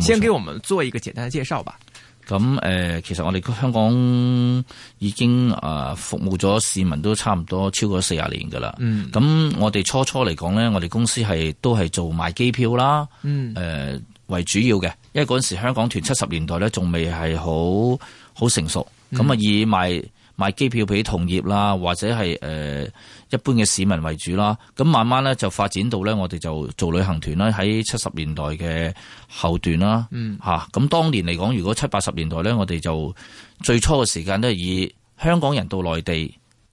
先給我們做一個簡單的介紹吧。咁誒，其實我哋香港已經啊服務咗市民都差唔多超過四十年噶啦。嗯，咁我哋初初嚟講呢，我哋公司係都係做賣機票啦，嗯、呃，誒為主要嘅，因為嗰陣時香港團七十年代呢，仲未係好好成熟，咁啊以賣。買機票俾同業啦，或者係誒、呃、一般嘅市民為主啦。咁慢慢咧就發展到咧，我哋就做旅行團啦。喺七十年代嘅後段啦，吓、嗯、咁、啊、當年嚟講，如果七八十年代咧，我哋就最初嘅時間都係以香港人到內地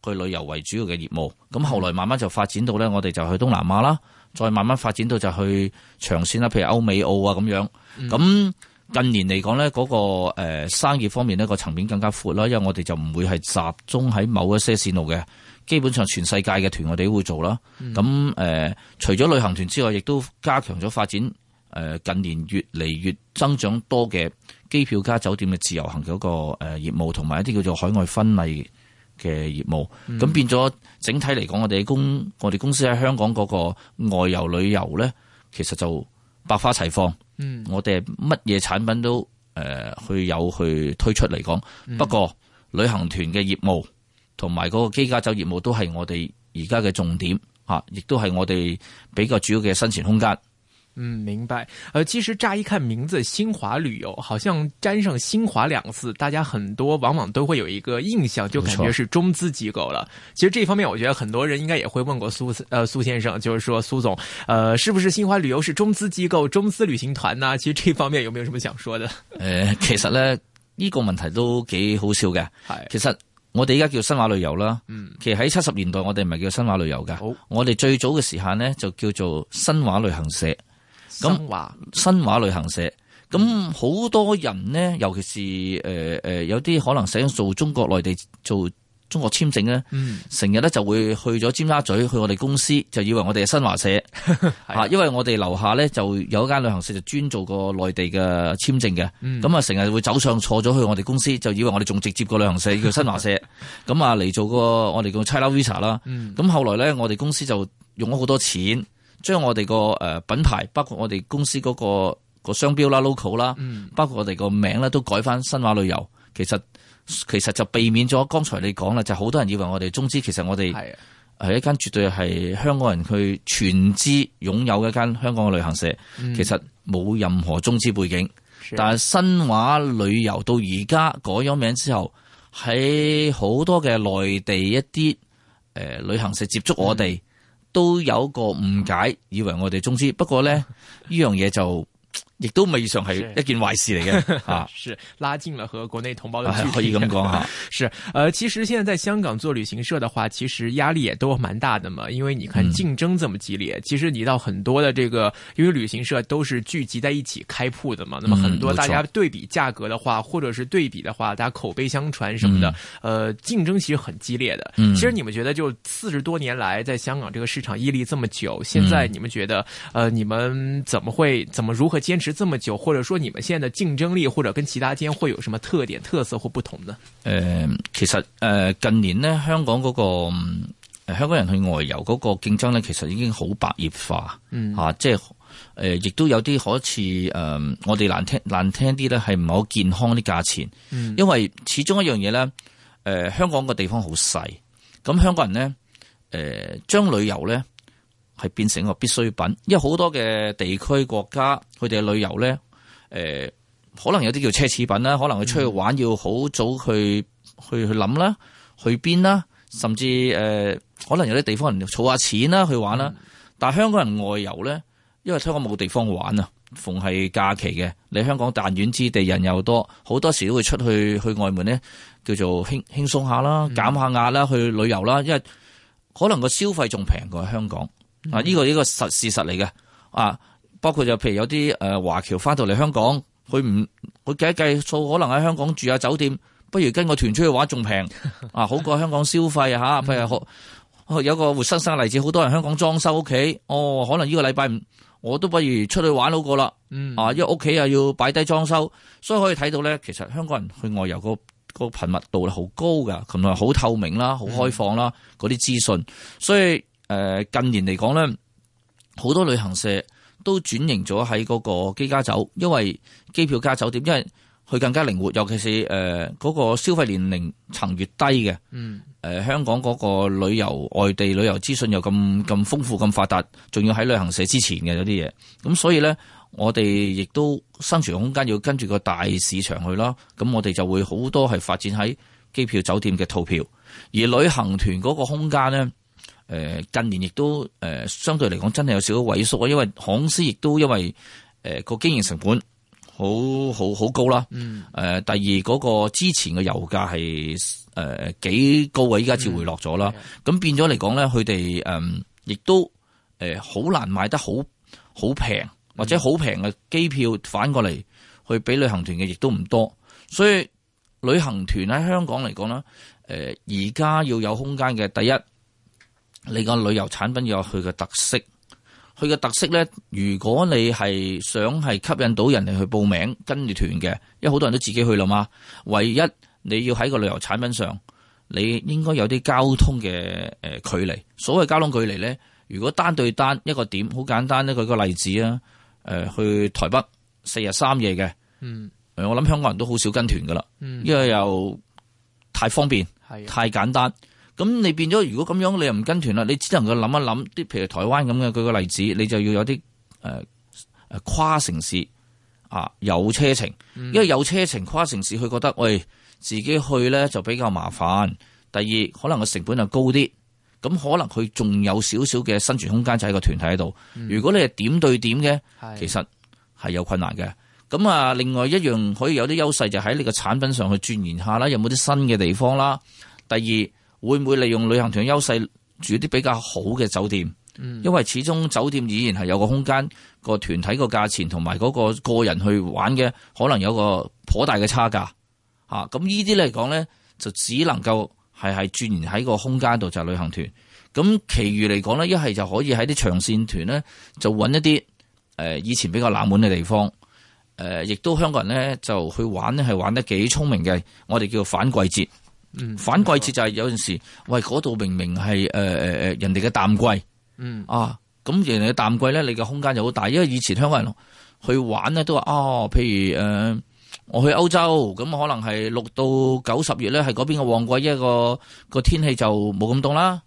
去旅遊為主要嘅業務。咁後來慢慢就發展到咧，我哋就去東南亞啦，再慢慢發展到就去長線啦，譬如歐美澳啊咁樣。咁、嗯近年嚟講咧，嗰、那個商業方面咧，那個層面更加闊啦，因為我哋就唔會係集中喺某一些線路嘅，基本上全世界嘅團我哋都會做啦。咁、嗯、誒、呃，除咗旅行團之外，亦都加強咗發展誒、呃、近年越嚟越增長多嘅機票加酒店嘅自由行嘅嗰個誒業務，同埋一啲叫做海外婚禮嘅業務。咁、嗯、變咗整體嚟講，我哋公我哋公司喺香港嗰個外遊旅遊咧，其實就百花齊放。嗯，我哋乜嘢產品都誒去有去推出嚟講，不過旅行團嘅業務同埋嗰個機加酒業務都係我哋而家嘅重點吓，亦都係我哋比較主要嘅生存空間。嗯，明白。呃，其實乍一看名字“新華旅遊”，好像沾上“新華”兩個字，大家很多往往都會有一個印象，就感覺是中資機構了。其實這一方面，我覺得很多人應該也會問過蘇呃蘇先生，就是說蘇總，呃，是不是新華旅遊是中資機構、中資旅行團呢？其實這方面有沒有什麼想說的？呃，其實呢，呢個問題都幾好笑嘅。係，其實我哋依家叫新華旅遊啦。嗯。其實喺七十年代，我哋唔係叫新華旅遊噶。好，哦。我哋最早嘅時候呢，就叫做新華旅行社。咁話新華旅行社，咁好多人呢，尤其是誒誒、呃呃、有啲可能想做中國內地做中國簽證咧，成日咧就會去咗尖沙咀去我哋公司，就以為我哋係新華社 因為我哋樓下咧就有一間旅行社就專做過內地嘅簽證嘅。咁啊成日會走上錯咗去我哋公司，就以為我哋仲直接個旅行社叫新華社，咁啊嚟做個我哋叫 China Visa 啦、嗯，咁後來咧我哋公司就用咗好多錢。將我哋個誒品牌，包括我哋公司嗰個個商標啦、local 啦，包括我哋個名咧，都改返新華旅遊。其實其實就避免咗剛才你講啦，就好多人以為我哋中資，其實我哋係一間絕對係香港人去全資擁有一間香港嘅旅行社。嗯、其實冇任何中資背景，是但係新華旅遊到而家改咗名之後，喺好多嘅內地一啲誒旅行社接觸我哋。嗯都有個誤解，以為我哋中資，不過咧，呢樣嘢就。也都未嘗是一件壞事來的是、啊、是拉近了和國內同胞的距離、啊。可以咁講、啊、是，呃其實現在在香港做旅行社的話，其實壓力也都蠻大的嘛。因為你看競爭這麼激烈、嗯，其實你到很多的這個，因為旅行社都是聚集在一起開鋪的嘛。那麼很多大家對比價格的話，或者是對比的話，大家口碑相傳什麼的，嗯、呃競爭其實很激烈的、嗯。其實你們覺得就四十多年來，在香港這個市場屹立這麼久，現在你們覺得，呃你們怎麼會，怎麼如何堅持？這麼久，或者說你們現在的競爭力，或者跟其他間會有什麼特點、特色或不同呢？誒、呃，其實誒、呃，近年呢，香港嗰、那個誒、呃，香港人去外遊嗰個競爭呢，其實已經好白熱化，嗯吓、啊，即係誒，亦、呃、都有啲好似誒，我哋難聽難聽啲咧，係唔係好健康啲價錢，嗯，因為始終一樣嘢咧，誒、呃，香港個地方好細，咁香港人咧，誒、呃，將旅遊咧。係變成一個必需品，因為好多嘅地區國家佢哋嘅旅遊咧，誒、呃、可能有啲叫奢侈品啦，可能佢出去玩要好早去去去諗啦，去邊啦，甚至誒、呃、可能有啲地方人儲下錢啦去玩啦，但係香港人外遊咧，因為香港冇地方玩啊，逢係假期嘅，你香港彈丸之地人又多，好多時都會出去去外門咧叫做輕輕鬆下啦，減下壓啦，去旅遊啦，因為可能個消費仲平過香港。嗯、啊！呢個呢個實事實嚟嘅，啊，包括就譬如有啲誒華僑翻到嚟香港，佢唔佢計一計數，可能喺香港住下酒店，不如跟個團出去玩仲平， 啊，好過香港消費吓、啊嗯。譬如好有個活生生嘅例子，好多人香港裝修屋企，哦，可能呢個禮拜五我都不如出去玩好過啦、嗯。啊，因為屋企又要擺低裝修，所以可以睇到咧，其實香港人去外遊個個頻密度好高噶，同埋好透明啦，好開放啦，嗰啲資訊，所以。誒，近年嚟講咧，好多旅行社都轉型咗喺嗰個機加酒，因為機票加酒店，因為佢更加靈活，尤其是誒嗰個消費年齡層越低嘅，誒、嗯、香港嗰個旅遊外地旅遊資訊又咁咁豐富咁發達，仲要喺旅行社之前嘅嗰啲嘢，咁所以咧，我哋亦都生存空間要跟住個大市場去囉，咁我哋就會好多係發展喺機票酒店嘅套票，而旅行團嗰個空間咧。誒，近年亦都誒，相對嚟講真係有少少萎縮啊！因為航空公司亦都因為誒個經營成本好好好高啦。嗯。誒，第二嗰個之前嘅油價係誒幾高啊，依家至回落咗啦。咁，嗯，變咗嚟講咧，佢哋誒亦都誒好難買得好好平或者好平嘅機票，反過嚟去俾旅行團嘅亦都唔多。所以旅行團喺香港嚟講啦，誒而家要有空間嘅第一。你個旅遊產品有佢個特色，佢個特色咧，如果你係想係吸引到人哋去報名跟住團嘅，因為好多人都自己去啦嘛。唯一你要喺個旅遊產品上，你應該有啲交通嘅誒距離。所謂交通距離咧，如果單對單一個點，好簡單咧，舉個例子啊，誒、呃、去台北四日三夜嘅，嗯，我諗香港人都好少跟團噶啦，因為又太方便，係太簡單。咁你變咗，如果咁樣你又唔跟團啦，你只能夠諗一諗啲，譬如台灣咁嘅，舉個例子，你就要有啲誒誒跨城市啊，有車程，嗯、因為有車程跨城市，佢覺得喂、哎、自己去咧就比較麻煩、嗯。第二，可能個成本就高啲，咁可能佢仲有少少嘅生存空間就喺個團體喺度、嗯。如果你係點對點嘅，其實係有困難嘅。咁啊，另外一樣可以有啲優勢就喺你個產品上去鑽研下啦，有冇啲新嘅地方啦？第二。會唔會利用旅行團嘅優勢住啲比較好嘅酒店？嗯，因為始終酒店依然係有個空間，個團體個價錢同埋嗰個個人去玩嘅，可能有個頗大嘅差價。咁、啊、呢啲嚟講咧，就只能夠係係轉移喺個空間度就係、是、旅行團。咁，其餘嚟講咧，一係就可以喺啲長線團咧，就搵一啲誒、呃、以前比較冷門嘅地方。誒、呃，亦都香港人咧就去玩咧，係玩得幾聰明嘅。我哋叫反季節。反季節就係有陣時，喂，嗰度明明係誒誒誒人哋嘅淡季，嗯、啊，咁人哋嘅淡季咧，你嘅空間就好大，因為以前香港人去玩咧都話啊，譬如誒、呃、我去歐洲，咁可能係六到九十月咧，係嗰邊嘅旺季，一個個天氣就冇咁凍啦。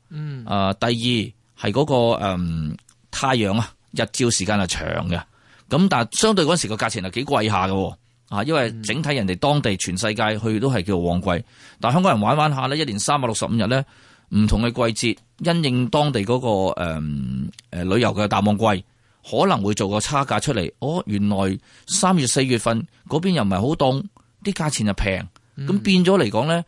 啊，第二係嗰、那個誒、呃、太陽啊，日照時間係長嘅，咁但係相對嗰時個價錢係幾貴下喎。啊，因為整體人哋當地全世界去都係叫旺季，但係香港人玩玩下咧，一年三百六十五日咧，唔同嘅季節，因應當地嗰、那個誒誒、呃呃、旅遊嘅淡旺季，可能會做個差價出嚟。哦，原來三月四月份嗰邊又唔係好凍，啲價錢又平，咁、嗯、變咗嚟講咧，誒、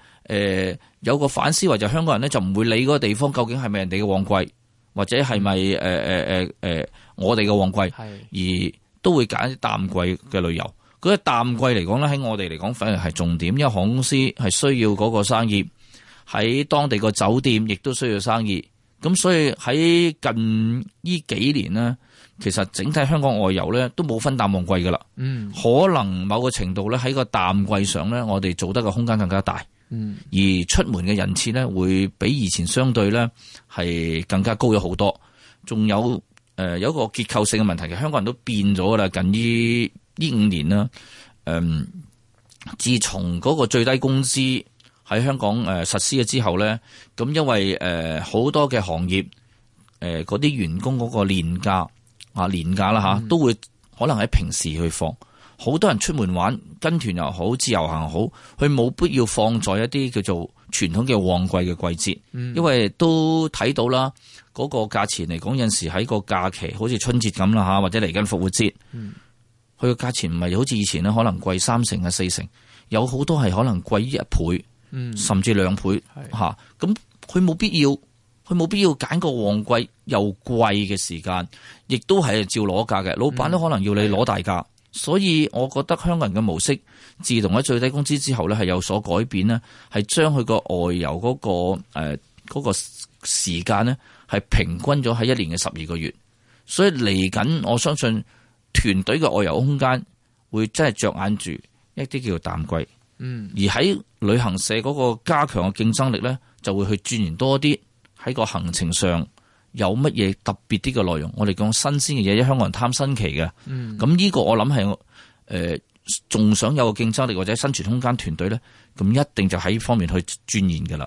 呃、有個反思，就香港人咧就唔會理嗰個地方究竟係咪人哋嘅旺季，或者係咪誒誒誒誒我哋嘅旺季，而都會揀淡季嘅旅遊。嗰、那個淡季嚟講咧，喺我哋嚟講反而係重點，因為航空公司係需要嗰個生意，喺當地個酒店亦都需要生意。咁所以喺近依幾年咧，其實整體香港外遊咧都冇分淡旺季噶啦。嗯，可能某個程度咧喺個淡季上咧，我哋做得個空間更加大。嗯，而出門嘅人次咧會比以前相對咧係更加高咗好多。仲有誒有一個結構性嘅問題，香港人都變咗噶啦，近依，呢五年啦，誒，自從嗰個最低工資喺香港誒實施咗之後咧，咁因為誒好多嘅行業誒嗰啲員工嗰個年假，年假啦，吓、嗯，都會可能喺平時去放，好多人出門玩，跟團又好，自由行好，佢冇必要放在一啲叫做傳統嘅旺季嘅季節，因為都睇到啦，嗰個價錢嚟講，有陣時喺個假期，好似春節咁啦，吓，或者嚟緊復活節。嗯佢個價錢唔係好似以前咧，可能貴三成啊四成，有好多係可能貴一倍，嗯、甚至兩倍吓。咁佢冇必要，佢冇必要揀個旺季又貴嘅時間，亦都係照攞價嘅。老闆都可能要你攞大價，嗯，所以我覺得香港人嘅模式，自動喺最低工資之後咧，係有所改變咧，係將佢個外遊嗰個誒嗰個時間咧，係平均咗喺一年嘅十二個月。所以嚟緊，我相信。團隊嘅外遊空間會真係着眼住一啲叫淡季，嗯，而喺旅行社嗰個加強嘅競爭力咧，就會去鑽研多啲喺個行程上有乜嘢特別啲嘅內容，我哋講新鮮嘅嘢，啲香港人貪新奇嘅，嗯，咁呢個我諗係我誒，仲、呃、想有個競爭力或者生存空間團隊咧，咁一定就喺呢方面去鑽研㗎喇。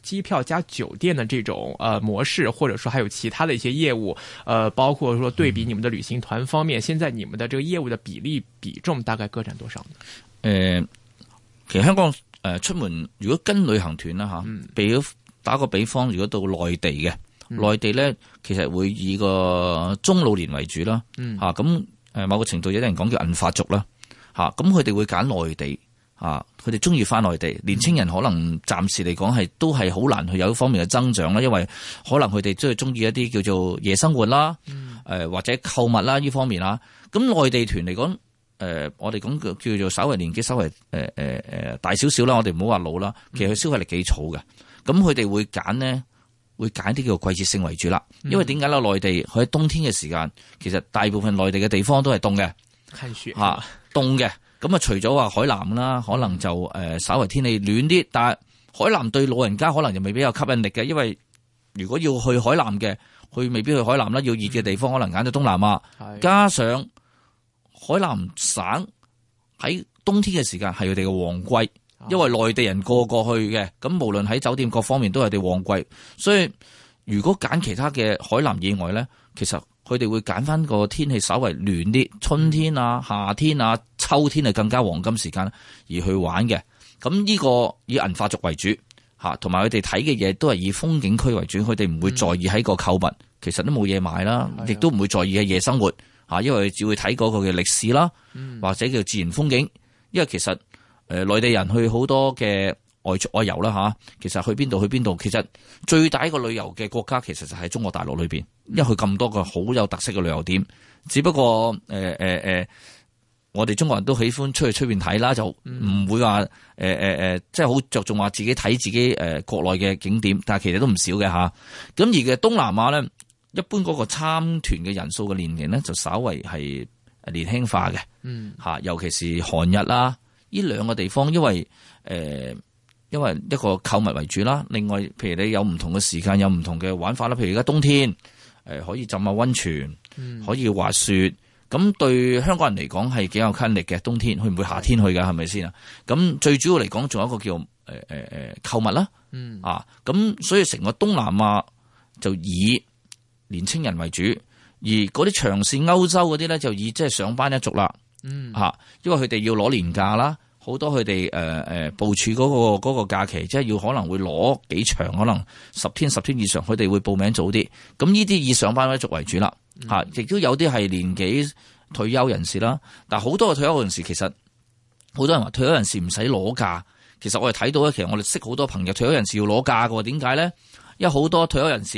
機票加酒店的這種，呃模式，或者說還有其他的一些業務，呃，包括說對比你們的旅行團方面，嗯、現在你們的這個業務的比例比重大概各佔多少呢？誒、呃，其實香港誒、呃、出門如果跟旅行團啦吓、啊，比如打個比方，如果到內地嘅、嗯，內地呢，其實會以個中老年為主啦，吓咁誒某個程度有啲人講叫銀髮族啦，吓咁佢哋會揀內地。啊！佢哋中意返內地，年輕人可能暫時嚟講係都係好難去有呢方面嘅增長啦，因為可能佢哋都係中意一啲叫做夜生活啦，誒或者購物啦呢方面啦。咁內地團嚟講，誒我哋講叫叫做稍微年紀稍微誒誒誒大少少啦，我哋唔好話老啦，其實佢消費力幾燥嘅。咁佢哋會揀呢，會揀啲叫做季節性為主啦。因為點解咧？內地佢喺冬天嘅時間，其實大部分內地嘅地方都係凍嘅，係雪嚇凍嘅。啊。咁啊，除咗話海南啦，可能就誒稍微天氣暖啲，但係海南對老人家可能就未必有吸引力嘅，因為如果要去海南嘅，去未必去海南啦。要熱嘅地方，可能揀咗東南亞，加上海南省喺冬天嘅時間係佢哋嘅旺季，因為內地人過過去嘅，咁無論喺酒店各方面都係佢哋旺季，所以如果揀其他嘅海南以外咧，其實佢哋會揀翻個天氣稍微暖啲，春天啊、夏天啊。秋天係更加黃金時間，而去玩嘅。咁呢個以銀發族為主，嚇，同埋佢哋睇嘅嘢都係以風景區為主，佢哋唔會在意喺個購物、嗯，其實都冇嘢買啦，亦都唔會在意喺夜生活，嚇，因為只會睇嗰個嘅歷史啦，或者叫自然風景。因為其實誒、呃，內地人去好多嘅外外遊啦，嚇，其實去邊度去邊度，其實最大一個旅遊嘅國家其實就係中國大陸裏邊，因為佢咁多個好有特色嘅旅遊點，只不過誒誒、呃呃呃我哋中國人都喜歡出去出面睇啦，就唔會話誒誒誒，即係好着重話自己睇自己誒國內嘅景點，但係其實都唔少嘅吓。咁、啊、而嘅東南亞咧，一般嗰個參團嘅人數嘅年齡咧，就稍為係年輕化嘅，嗯、啊、吓，尤其是韓日啦，呢兩個地方，因為誒、呃，因為一個購物為主啦，另外，譬如你有唔同嘅時間，有唔同嘅玩法啦，譬如而家冬天，誒可以浸下溫泉，可以滑雪。嗯咁對香港人嚟講係幾有吸引力嘅冬天，佢唔會夏天去㗎，係咪先啊？咁最主要嚟講，仲有一個叫誒誒誒購物啦，嗯啊，咁所以成個東南亞就以年青人為主，而嗰啲長線歐洲嗰啲咧就以即係上班一族啦，嗯嚇、啊，因為佢哋要攞年假啦，好多佢哋誒誒部署嗰個嗰個假期，即係要可能會攞幾長，可能十天十天以上，佢哋會報名早啲，咁呢啲以上班一族為主啦。吓，亦都有啲係年紀退休人士啦。但係好多嘅退休人士其實，好多人話退休人士唔使攞假。其實我哋睇到咧，其實我哋識好多朋友，退休人士要攞假嘅。點解咧？因為好多退休人士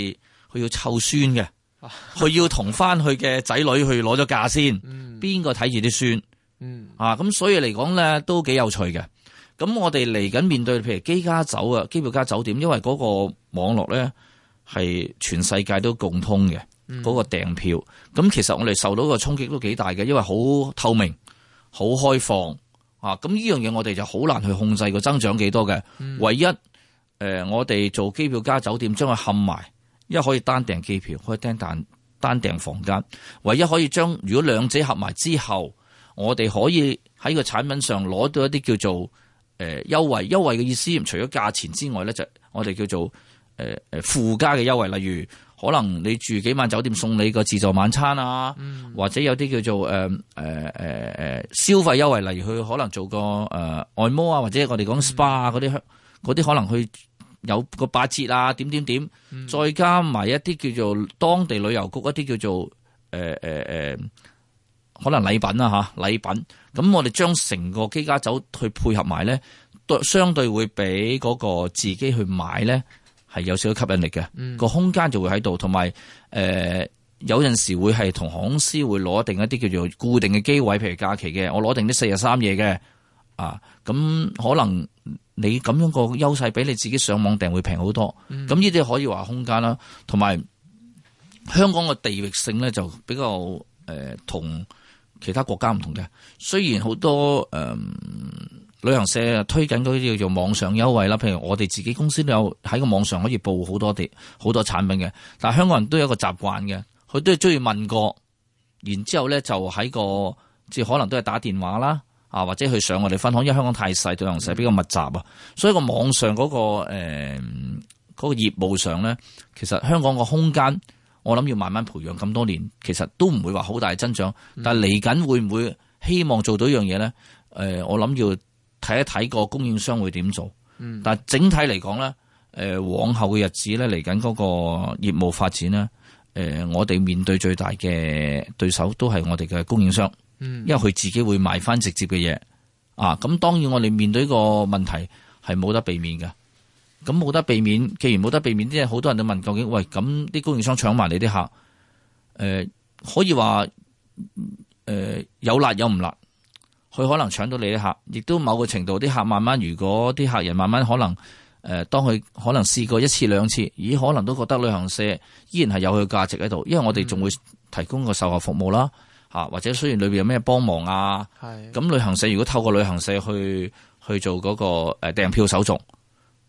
佢要湊孫嘅，佢 要同翻佢嘅仔女去攞咗假先。邊個睇住啲孫？啊，咁所以嚟講咧都幾有趣嘅。咁我哋嚟緊面對譬如機家酒啊、機票加酒店，因為嗰個網絡咧係全世界都共通嘅。嗰個訂票，咁其實我哋受到個衝擊都幾大嘅，因為好透明、好開放啊！咁呢樣嘢我哋就好難去控制個增長幾多嘅。唯一誒，我哋做機票加酒店將佢冚埋，一可以單訂機票，可以單訂單訂房間，唯一可以將如果兩者合埋之後，我哋可以喺個產品上攞到一啲叫做誒優惠，優惠嘅意思，除咗價錢之外咧，就我哋叫做誒誒附加嘅優惠，例如。可能你住幾晚酒店送你個自助晚餐啊、嗯，或者有啲叫做誒誒誒誒消費優惠，例如去可能做個誒、呃、按摩啊，或者我哋講 SPA 嗰啲香嗰啲可能去有個八折啊，點點點，再加埋一啲叫做當地旅遊局一啲叫做誒誒誒，可能禮品啊。吓禮品，咁、嗯、我哋將成個機加酒去配合埋咧，相對會俾嗰個自己去買咧。係有少少吸引力嘅，個空間就會喺度，同埋誒有陣、呃、時會係同行司會攞定一啲叫做固定嘅機位，譬如假期嘅，我攞定啲四日三夜嘅。啊咁可能你咁樣個優勢比你自己上網訂會平好多，咁呢啲可以話空間啦，同埋香港嘅地域性咧就比較誒同、呃、其他國家唔同嘅，雖然好多誒。呃旅行社啊，推緊嗰啲叫做網上優惠啦。譬如我哋自己公司都有喺個網上可以報好多啲好多產品嘅。但係香港人都有一個習慣嘅，佢都係中意問過，然之後咧就喺個即係可能都係打電話啦，啊或者去上我哋分行，因為香港太細，旅行社比較密集啊。嗯、所以個網上嗰、嗰個誒嗰、呃嗰個業務上咧，其實香港個空間，我諗要慢慢培養咁多年，其實都唔會話好大增長。但係嚟緊會唔會希望做到一樣嘢咧？誒，我諗要。睇一睇個供應商會點做，但係整體嚟講咧，誒往後嘅日子咧，嚟緊嗰個業務發展咧，誒我哋面對最大嘅對手都係我哋嘅供應商，因為佢自己會賣翻直接嘅嘢啊，咁當然我哋面對個問題係冇得避免嘅，咁冇得避免，既然冇得避免，即係好多人都問究竟，喂咁啲供應商搶埋你啲客，誒、呃、可以話誒、呃、有辣有唔辣。佢可能搶到你啲客，亦都某個程度啲客慢慢。如果啲客人慢慢、呃、可能，誒，當佢可能試過一次兩次，咦，可能都覺得旅行社依然係有佢嘅價值喺度，因為我哋仲會提供個售後服務啦、啊，或者雖然裏面有咩幫忙啊，咁旅行社如果透過旅行社去去做嗰、那個、呃、訂訂票手續，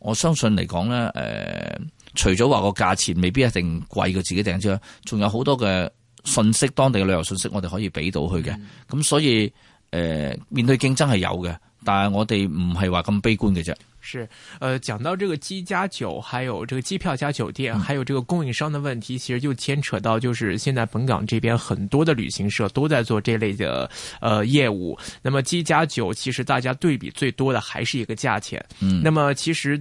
我相信嚟講咧，誒、呃，除咗話個價錢未必一定貴過自己訂之外，仲有好多嘅信息、嗯，當地嘅旅遊信息，我哋可以俾到佢嘅，咁、嗯、所以。呃，面對競爭係有嘅，但係我哋唔係話咁悲觀嘅啫。是，呃，講到這個機加酒，還有這個機票加酒店、嗯，還有這個供應商的問題，其實就牽扯到，就是現在本港這邊很多的旅行社都在做這類的，呃，業務。那麼機加酒，其實大家對比最多的還是一個價錢。嗯，那麼其實。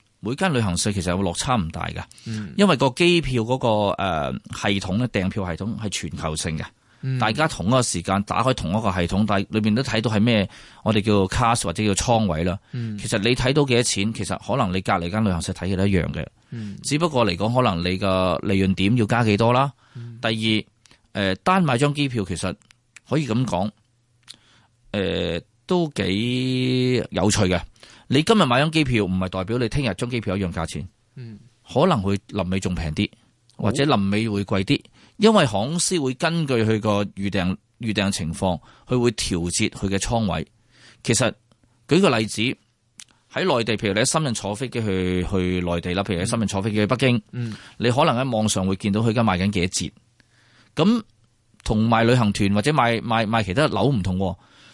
每間旅行社其實會落差唔大㗎，因為個機票嗰個系統咧，訂票系統係全球性嘅，大家同一個時間打開同一個系統，但係裏面都睇到係咩，我哋叫做 class 或者叫倉位啦、嗯。其實你睇到幾多錢，其實可能你隔籬間旅行社睇嘅都一樣嘅、嗯，只不過嚟講可能你嘅利潤點要加幾多啦。第二誒、呃、單買張機票其實可以咁講，誒、呃、都幾有趣嘅。你今日買張機票唔係代表你聽日張機票一樣價錢，可能會臨尾仲平啲，或者臨尾會貴啲，因為航空公司會根據佢個預訂預訂情況，佢會調節佢嘅倉位。其實舉個例子，喺內地，譬如你喺深圳坐飛機去去內地啦，譬如喺深圳坐飛機去北京，嗯，你可能喺網上會見到佢而家賣緊幾多折。咁同賣旅行團或者賣賣賣，賣其他樓唔同，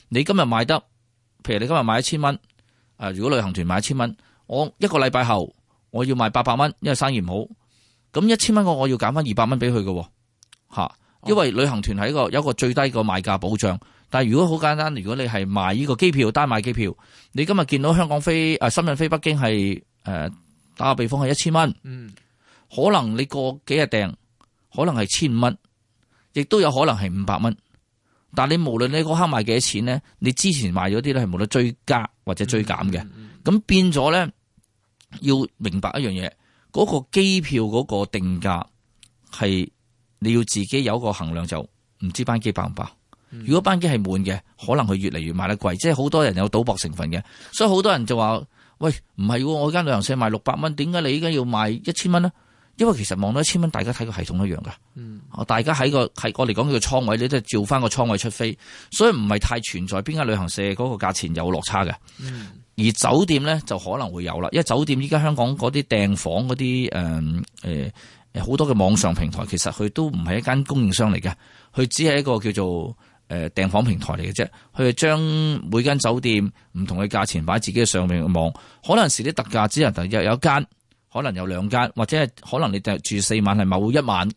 你今日買得，譬如你今日買一千蚊。誒，如果旅行團買一千蚊，我一個禮拜後我要賣八百蚊，因為生意唔好。咁一千蚊我我要減翻二百蚊俾佢嘅，吓，因為旅行團係一個有一個最低個賣價保障。但係如果好簡單，如果你係買呢個機票單買機票，你今日見到香港飛誒、啊、深圳飛北京係誒、呃、打個比方係一千蚊，嗯、可能你過幾日訂，可能係千五蚊，亦都有可能係五百蚊。但你無論你嗰刻賣幾多錢咧，你之前賣咗啲咧係冇得追加或者追減嘅，咁、嗯嗯嗯、變咗咧要明白一樣嘢，嗰、嗰個機票嗰個定價係你要自己有個衡量就爆爆，就唔知班機爆唔爆。如果班機係滿嘅，可能佢越嚟越賣得貴，即係好多人有賭博成分嘅，所以好多人就話，喂，唔係喎，我間旅行社賣六百蚊，點解你依家要賣一千蚊咧？因為其實望到一千蚊，大家睇個系統一樣噶、嗯。大家喺個係我哋講叫個倉位，你都係照翻個倉位出飛，所以唔係太存在邊間旅行社嗰個價錢有落差嘅、嗯。而酒店咧就可能會有啦，因為酒店依家香港嗰啲訂房嗰啲誒好多嘅網上平台，其實佢都唔係一間供應商嚟嘅，佢只係一個叫做誒訂、呃、房平台嚟嘅啫，佢係將每間酒店唔同嘅價錢擺喺自己嘅上面去望，可能時啲特價，只係特有有間。可能有兩間，或者係可能你訂住四晚係某一晚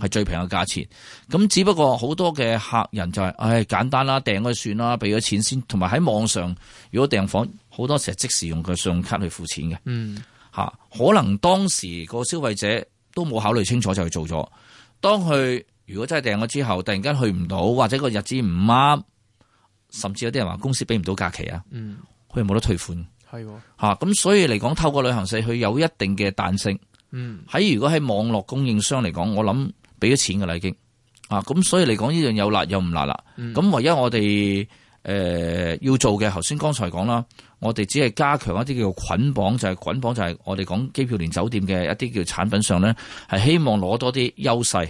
係最平嘅價錢，咁、嗯、只不過好多嘅客人就係、是，唉簡單啦，訂咗算啦，俾咗錢先，同埋喺網上如果訂房，好多時係即時用個信用卡去付錢嘅，吓、嗯、可能當時個消費者都冇考慮清楚就去做咗，當佢如果真係訂咗之後，突然間去唔到或者個日子唔啱，甚至有啲人話公司俾唔到假期啊，佢冇得退款。係喎，吓、啊、咁所以嚟講，透過旅行社佢有一定嘅彈性。嗯，喺如果喺網絡供應商嚟講，我諗俾咗錢噶啦已經了了。啊，咁所以嚟講呢樣有辣有唔辣啦。咁、嗯哎、唯一我哋誒、呃、要做嘅，頭先剛才講啦，我哋只係加強一啲叫做捆綁，就係捆綁就係我哋講機票連酒店嘅一啲叫產品上咧，係希望攞多啲優勢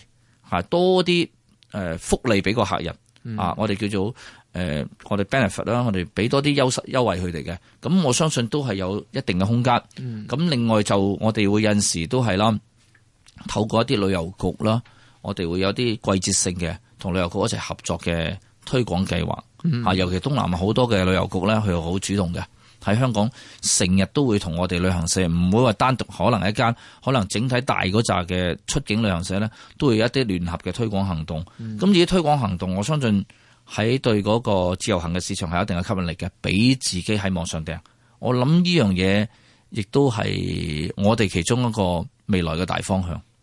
吓，多啲誒福利俾個客人、嗯。啊，我哋叫做。誒、呃，我哋 benefit 啦，我哋俾多啲優惠優惠佢哋嘅，咁我相信都係有一定嘅空間。咁、嗯、另外就我哋會有陣時都係啦，透過一啲旅遊局啦，我哋會有啲季節性嘅同旅遊局一齊合作嘅推廣計劃、嗯。啊，尤其東南亞好多嘅旅遊局咧，佢又好主動嘅，喺香港成日都會同我哋旅行社唔會話單獨，可能一間，可能整體大嗰扎嘅出境旅行社咧，都會有一啲聯合嘅推廣行動。咁呢啲推廣行動，我相信。喺對嗰個自由行嘅市場係有一定嘅吸引力嘅，畀自己喺網上訂。我諗呢樣嘢亦都係我哋其中一個未來嘅大方向。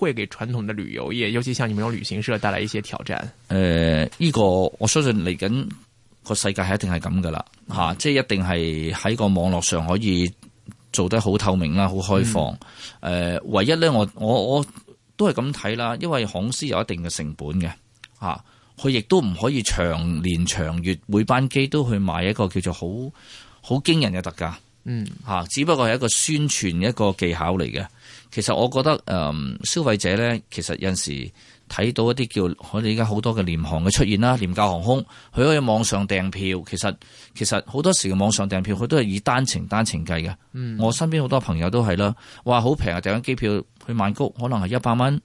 會俾傳統嘅旅遊業，尤其像你們種旅行社帶嚟一些挑戰。誒、呃，呢、這個我相信嚟緊個世界係一定係咁噶啦，吓、嗯，即係一定係喺個網絡上可以做得好透明啦，好開放。誒、嗯呃，唯一咧，我我我都係咁睇啦，因為航司有一定嘅成本嘅，吓、啊，佢亦都唔可以長年長月每班機都去賣一個叫做好好驚人嘅特價。嗯，吓，只不過係一個宣傳嘅一個技巧嚟嘅。其實我覺得誒、嗯，消費者咧，其實有陣時睇到一啲叫我哋而家好多嘅廉航嘅出現啦，廉價航空，佢可以網上訂票。其實其實好多時嘅網上訂票，佢都係以單程單程計嘅、嗯。我身邊好多朋友都係啦，哇，好平啊！訂緊機票去曼谷，可能係一百蚊、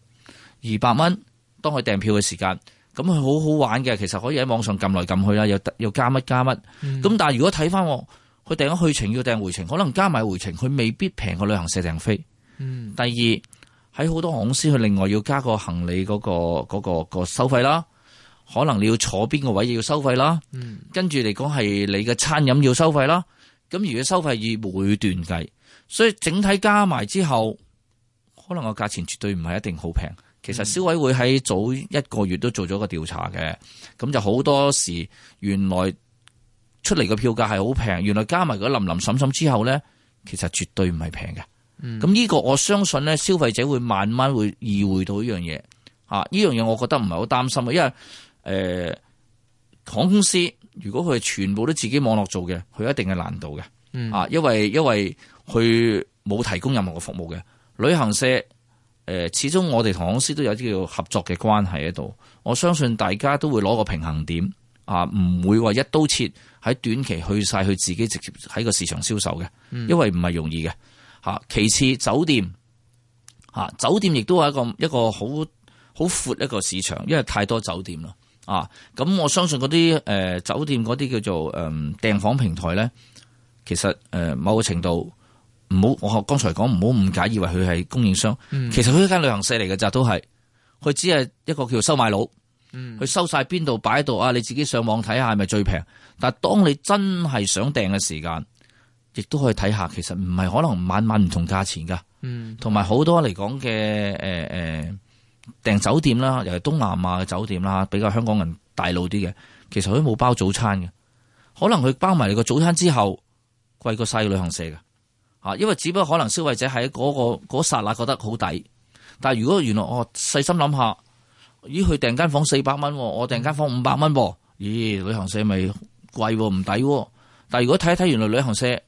二百蚊。當佢訂票嘅時間，咁佢好好玩嘅。其實可以喺網上撳來撳去啦，又要加乜加乜。咁、嗯、但係如果睇返，佢訂咗去程要訂回程，可能加埋回程，佢未必平過旅行社訂飛。第二喺好多航空公司，佢另外要加個行李嗰、嗰個嗰、嗰個、嗰個收費啦，可能你要坐邊個位要收費啦，跟住嚟講，係你嘅餐飲要收費啦。咁如果收費以每段計，所以整體加埋之後，可能個價錢絕對唔係一定好平。其實消委會喺早一個月都做咗個調查嘅，咁就好多時原來出嚟嘅票價係好平，原來加埋個林林沈沈之後咧，其實絕對唔係平嘅。咁、嗯、呢、這個我相信咧，消費者會慢慢會意會到呢樣嘢吓。呢樣嘢我覺得唔係好擔心嘅，因為誒航空公司如果佢係全部都自己網絡做嘅，佢有一定嘅難度嘅啊。因為因為佢冇提供任何嘅服務嘅旅行社誒、呃，始終我哋同航空公司都有啲叫合作嘅關係喺度。我相信大家都會攞個平衡點啊，唔會話一刀切喺短期去晒佢自己直接喺個市場銷售嘅，因為唔係容易嘅。嚇，其次酒店嚇，酒店亦都係一個一個好好闊一個市場，因為太多酒店啦。啊，咁我相信嗰啲、呃、酒店嗰啲叫做呃、訂房平台咧，其實、呃、某個程度唔好，我剛才講唔好誤解，以為佢係供應商。嗯、其實佢一間旅行社嚟嘅咋，都係佢只係一個叫收買佬。佢收曬邊度擺喺度啊！你自己上網睇下係咪最平。但係當你真係想訂嘅時間。亦都可以睇下，其實唔係可能晚晚唔同價錢噶，嗯，同埋好多嚟講嘅誒誒訂酒店啦，尤其東南亞嘅酒店啦，比較香港人大路啲嘅，其實佢都冇包早餐嘅，可能佢包埋你個早餐之後貴過細旅行社㗎。因為只不過可能消費者喺嗰個嗰剎那覺得好抵，但係如果原來我細心諗下，咦？佢訂間房四百蚊，我訂間房五百蚊喎，咦、嗯？旅行社咪貴唔抵？但係如果睇一睇原來旅行社。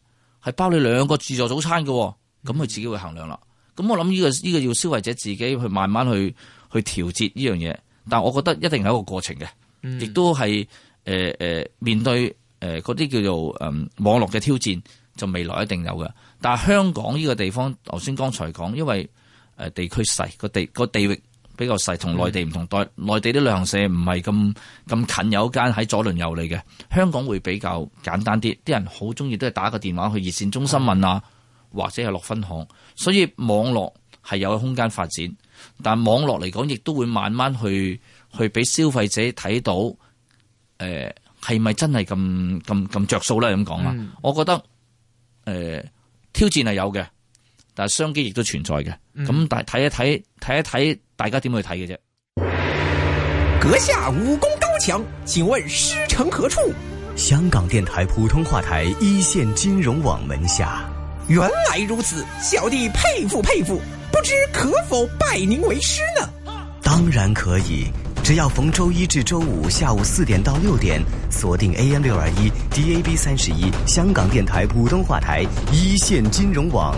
係包你兩個自助早餐嘅，咁佢自己會衡量啦。咁我諗呢個呢個要消費者自己去慢慢去去調節呢樣嘢，但我覺得一定係一個過程嘅，亦都係誒誒面對誒嗰啲叫做誒網絡嘅挑戰，就未來一定有嘅。但係香港呢個地方，頭先剛才講，因為誒地區細個地個地、地域，比較細，同內地唔同。嗯、內內地啲旅行社唔係咁咁近，有一間喺左鄰右里嘅。香港會比較簡單啲，啲人好中意都係打個電話去熱線中心問下、啊嗯，或者係落分行。所以網絡係有個空間發展，但網絡嚟講亦都會慢慢去去俾消費者睇到，誒係咪真係咁咁咁著數咧？咁講啊，我覺得誒、呃、挑戰係有嘅。但商機亦都存在嘅，咁但睇一睇，睇一睇，大家點去睇嘅啫。閣下武功高強，請問師承何處？香港電台普通話台一線金融網門下。原來如此，小弟佩服佩服，不知可否拜您為師呢？當然可以，只要逢周一至周五下午四點到六點，鎖定 AM 六二一 DAB 三十一，香港電台普通話台一線金融網。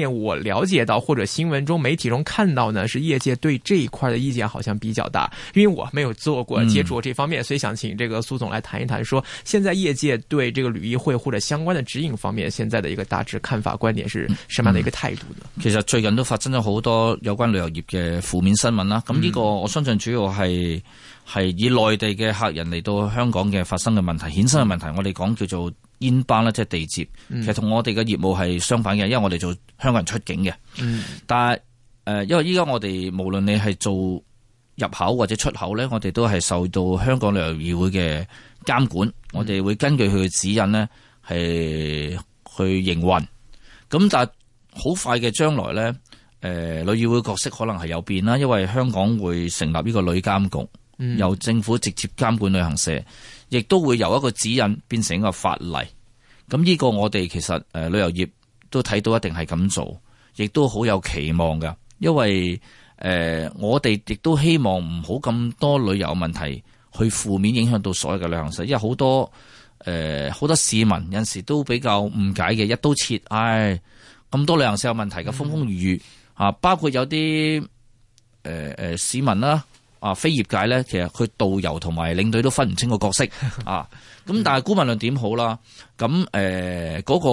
我了解到或者新聞中媒體中看到呢，是業界對這一塊的意見好像比較大，因為我沒有做過接觸過這方面，嗯、所以想請這個蘇總來談一談，說現在業界對這個旅議會或者相關的指引方面，現在的一個大致看法、觀點是什麼樣的一個態度呢、嗯？其實最近都發生咗好多有關旅遊業嘅負面新聞啦，咁呢個我相信主要係係以內地嘅客人嚟到香港嘅發生嘅問題，衍生嘅問題，我哋講叫做 inbound 咧，即係地接。其實同我哋嘅業務係相反嘅，因為我哋做香港人出境嘅。嗯、但係、呃、因為依家我哋無論你係做入口或者出口咧，我哋都係受到香港旅遊議會嘅監管。嗯、我哋會根據佢嘅指引咧係去營運。咁但係好快嘅將來咧，誒，旅遊議會角色可能係有變啦，因為香港會成立呢個旅監局。由政府直接監管旅行社，亦都會由一個指引變成一個法例。咁、這、呢個我哋其實誒旅遊業都睇到一定係咁做，亦都好有期望㗎，因為誒、呃、我哋亦都希望唔好咁多旅遊問題去負面影響到所有嘅旅行社，因為好多誒好、呃、多市民有陣時都比較誤解嘅一刀切。唉、哎，咁多旅行社有問題嘅風風雨雨啊、嗯，包括有啲誒誒市民啦。啊，非業界咧，其實佢導遊同埋領隊都分唔清個角色 啊。咁但係股民論點好啦。咁誒嗰個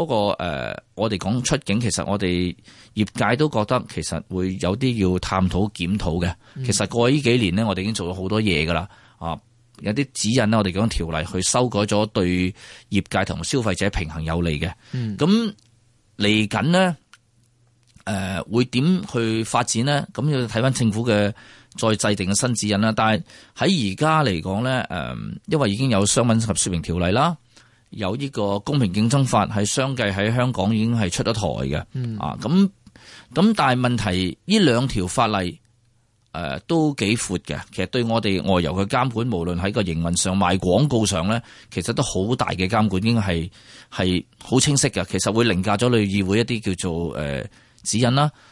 嗰、嗰個呃、我哋講出境，其實我哋業界都覺得其實會有啲要探討檢討嘅。其實過去呢幾年呢，我哋已經做咗好多嘢噶啦。啊，有啲指引咧，我哋講條例去修改咗對業界同消費者平衡有利嘅。咁嚟緊呢，誒、呃、會點去發展呢？咁要睇翻政府嘅。再制定嘅新指引啦，但係喺而家嚟講咧，誒，因為已經有商品及說明條例啦，有呢個公平競爭法係相繼喺香港已經係出咗台嘅、嗯，啊，咁咁，但係問題呢兩條法例誒、呃、都幾闊嘅，其實對我哋外遊嘅監管，無論喺個營運上、賣廣告上咧，其實都好大嘅監管，應該係係好清晰嘅，其實會凌駕咗類議會一啲叫做誒指引啦。